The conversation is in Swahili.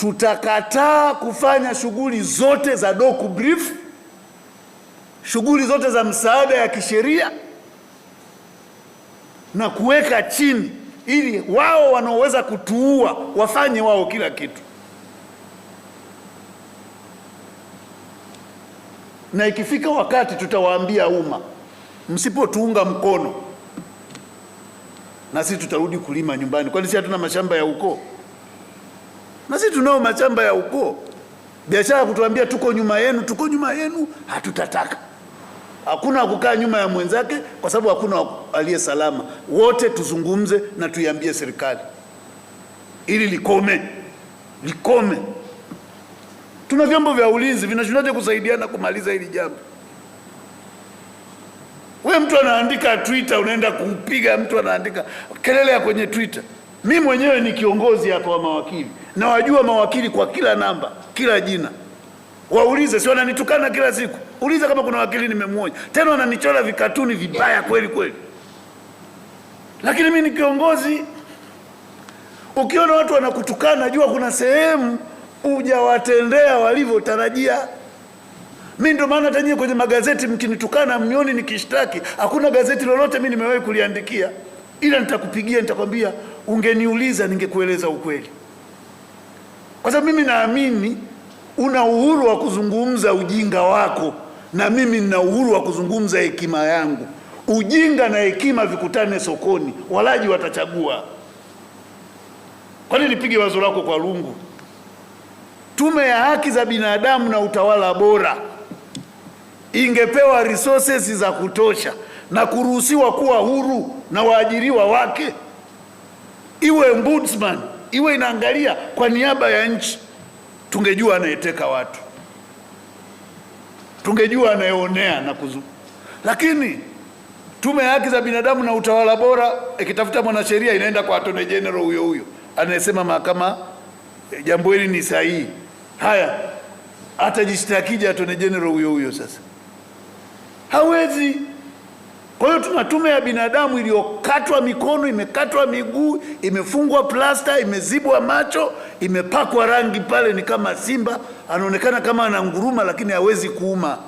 tutakataa kufanya shughuli zote za doku brief, shughuli zote za msaada ya kisheria na kuweka chini, ili wao wanaoweza kutuua wafanye wao kila kitu, na ikifika wakati tutawaambia umma, msipotuunga mkono na sisi tutarudi kulima nyumbani, kwani sisi hatuna mashamba ya ukoo? na sisi tunao mashamba ya ukoo. Biashara kutuambia tuko nyuma yenu, tuko nyuma yenu, hatutataka. Hakuna kukaa nyuma ya mwenzake, kwa sababu hakuna aliye salama. Wote tuzungumze na tuiambie serikali ili likome, likome. Tuna vyombo vya ulinzi vinashindaje kusaidiana kumaliza hili jambo? We mtu anaandika Twitter, unaenda kumpiga mtu anaandika kelele ya kwenye Twitter. Mi mwenyewe ni kiongozi hapa wa mawakili, na wajua mawakili kwa kila namba, kila jina. Waulize, si wananitukana kila siku? Uliza kama kuna wakili nimemwonya. Tena wananichora vikatuni vibaya kweli kweli, lakini mi ni kiongozi. Ukiona watu wanakutukana, jua kuna sehemu hujawatendea walivyotarajia. Mi ndio maana hata nyie kwenye magazeti mkinitukana mnioni nikishtaki, hakuna gazeti lolote mi nimewahi kuliandikia ila nitakupigia, nitakwambia, ungeniuliza ningekueleza ukweli, kwa sababu mimi naamini una uhuru wa kuzungumza ujinga wako na mimi nina uhuru wa kuzungumza hekima yangu. Ujinga na hekima vikutane sokoni, walaji watachagua. Kwani nipige wazo lako kwa lungu? Tume ya Haki za Binadamu na Utawala Bora ingepewa resources za kutosha na kuruhusiwa kuwa huru na waajiriwa wake, iwe ombudsman iwe inaangalia kwa niaba ya nchi, tungejua anayeteka watu, tungejua anayeonea na kuzu. Lakini tume ya haki za binadamu na utawala bora ikitafuta mwanasheria inaenda kwa atone general huyo huyo anayesema mahakama e, jambo hili ni sahihi. Haya, atajishtakija atone general huyo huyo sasa, hawezi. Kwa hiyo tuna tume ya binadamu iliyokatwa mikono, imekatwa miguu, imefungwa plasta, imezibwa macho, imepakwa rangi pale, ni kama simba anaonekana kama ananguruma, lakini hawezi kuuma.